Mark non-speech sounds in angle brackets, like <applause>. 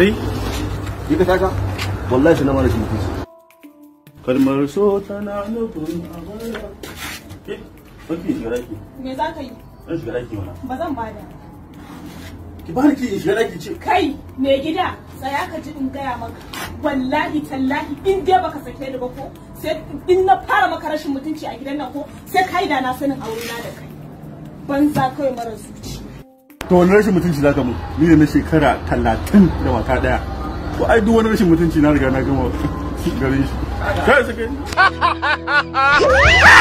kai yi ka taka wallahi sai na mara shi mutunci kalmar so tana nufin a baya eh, ke ɗauki shiga daki me za ka yi ɗan shiga daki mana ba zan ba da ki bani ki shiga daki ce kai me gida tsaya ka ji in gaya maka wallahi tallahi in dai baka sake da ba ko sai in na fara maka rashin mutunci a gidan nan ko sai kai da na sanin aure na da kai banza kawai mara zuci to wani rashin mutunci za ka mu ni ne na shekara talatin da wata daya ko ai duk wani rashin mutunci na riga na gama <laughs> garin shi kai sake <laughs>